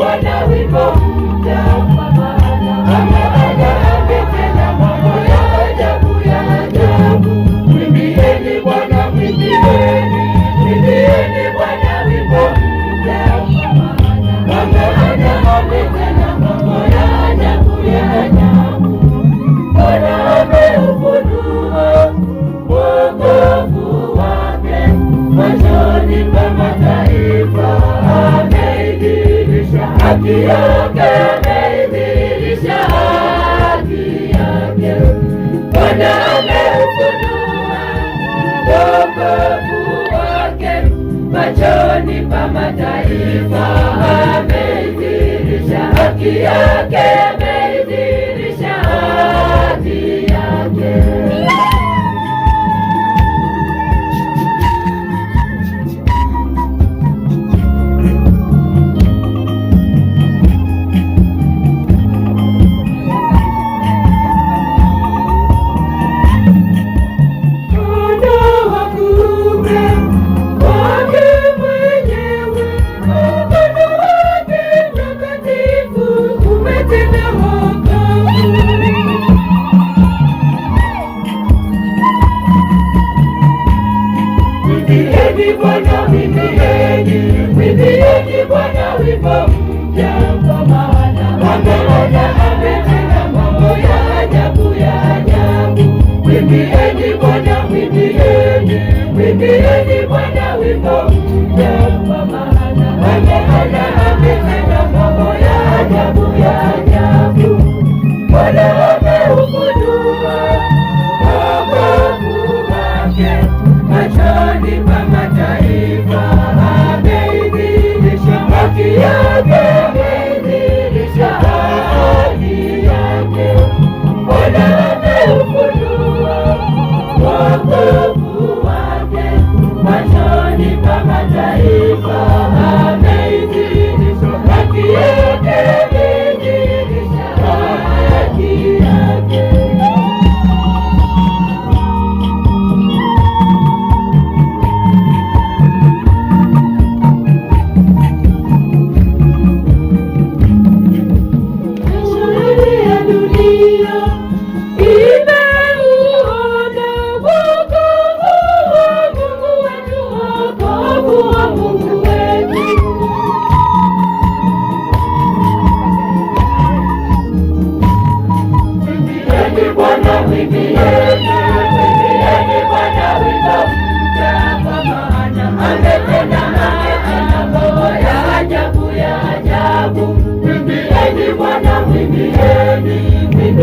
What. wokovu wake machoni pa mataifa, ameizirisha haki yake Bwana, mwimbieni, mwimbieni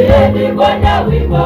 Iye Bwana wimbo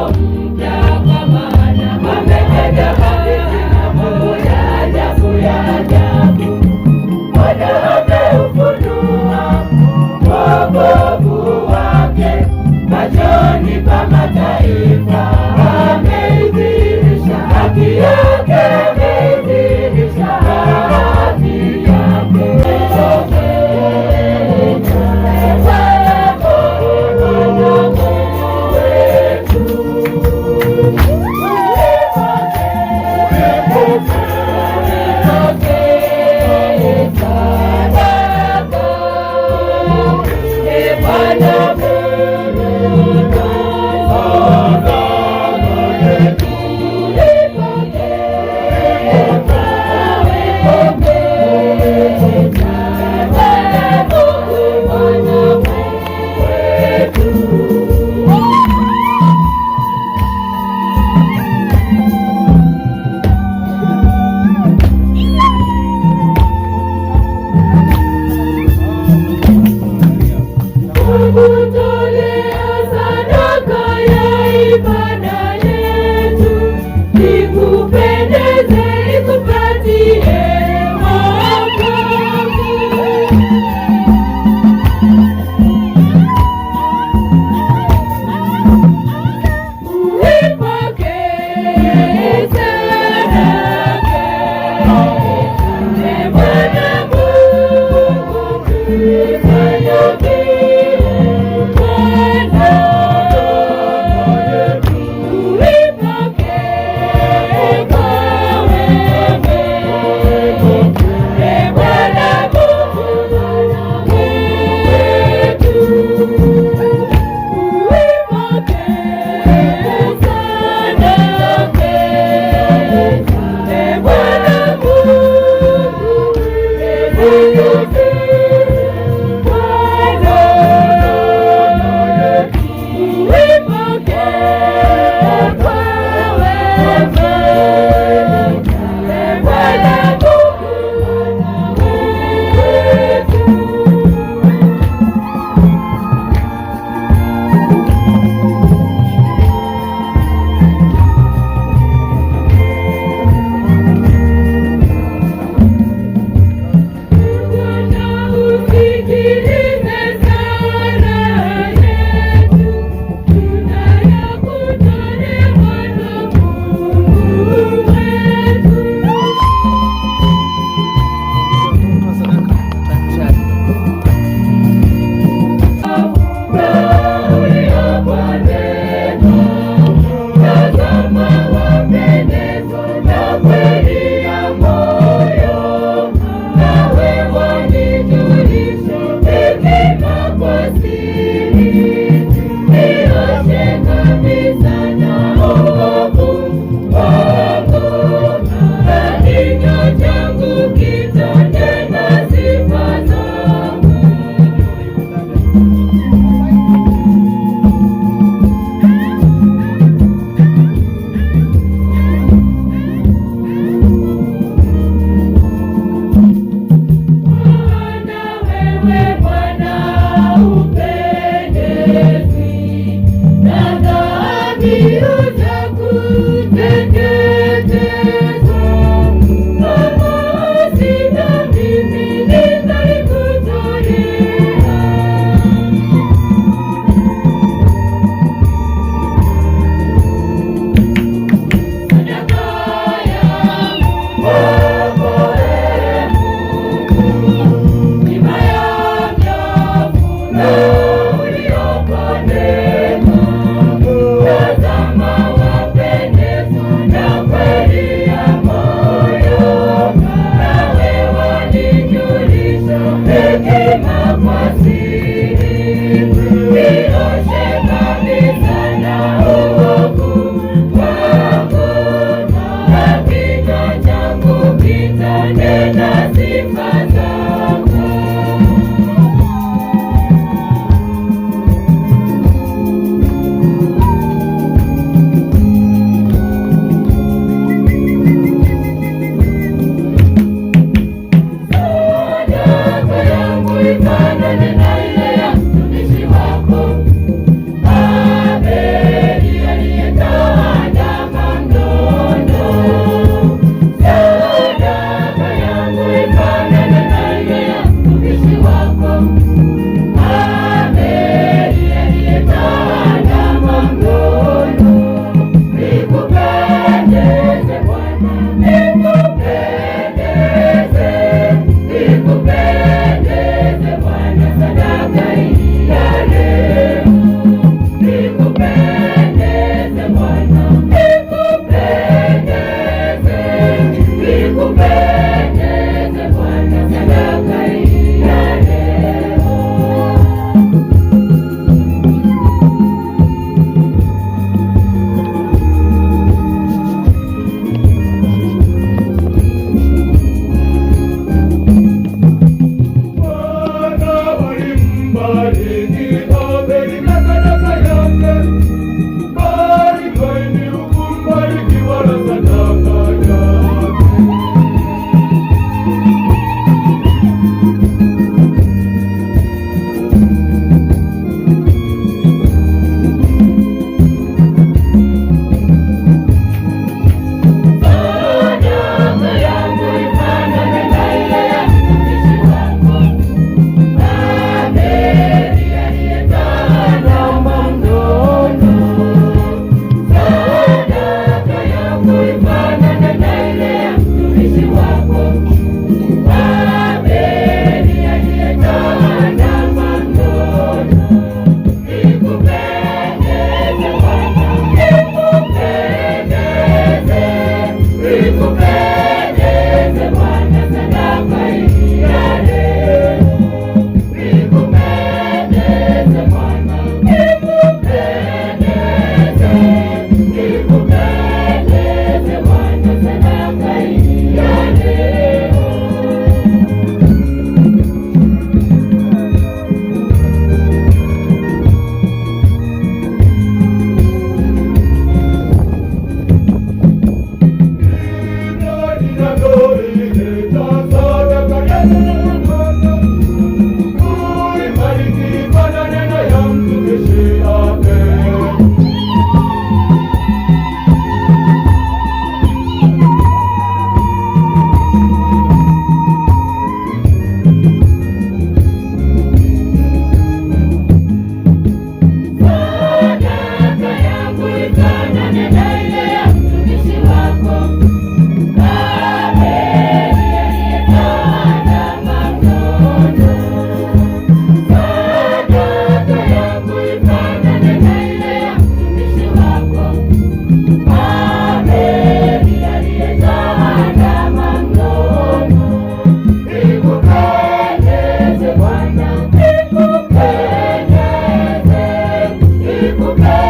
digo bem.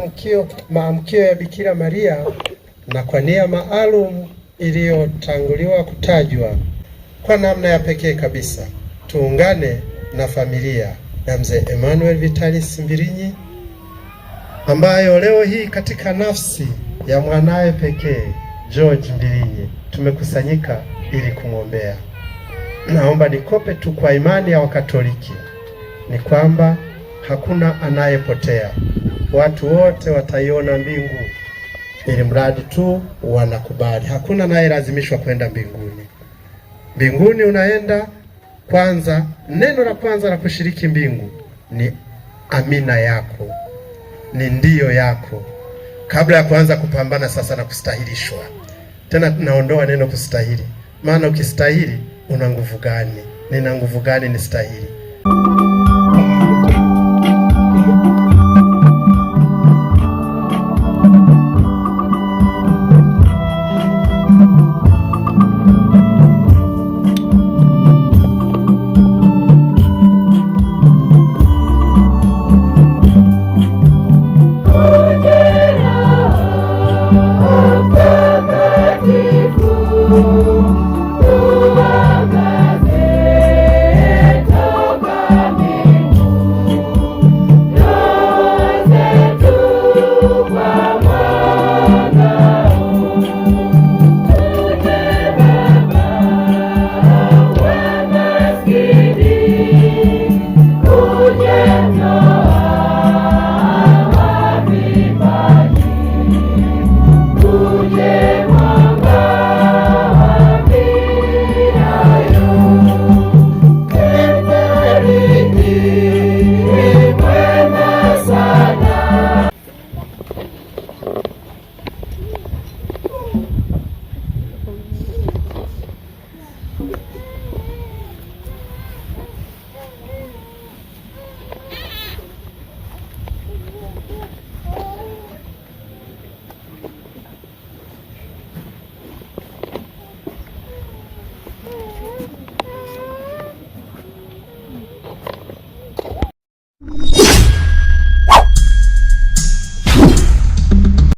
maamkio, maamkio ya Bikira Maria na kwa nia maalum iliyotanguliwa kutajwa, kwa namna ya pekee kabisa tuungane na familia ya mzee Emmanuel Vitalis Mbilinyi ambayo leo hii katika nafsi ya mwanawe pekee George Mbilinyi tumekusanyika ili kumwombea. Naomba nikope tu kwa imani ya Wakatoliki ni kwamba hakuna anayepotea watu wote wataiona mbingu, ili mradi tu wanakubali. Hakuna anayelazimishwa kwenda mbinguni. Mbinguni unaenda kwanza, neno la kwanza la kushiriki mbingu ni amina yako, ni ndiyo yako, kabla ya kuanza kupambana sasa na kustahilishwa. Tena tunaondoa neno kustahili, maana ukistahili una nguvu gani? Nina nguvu gani nistahili?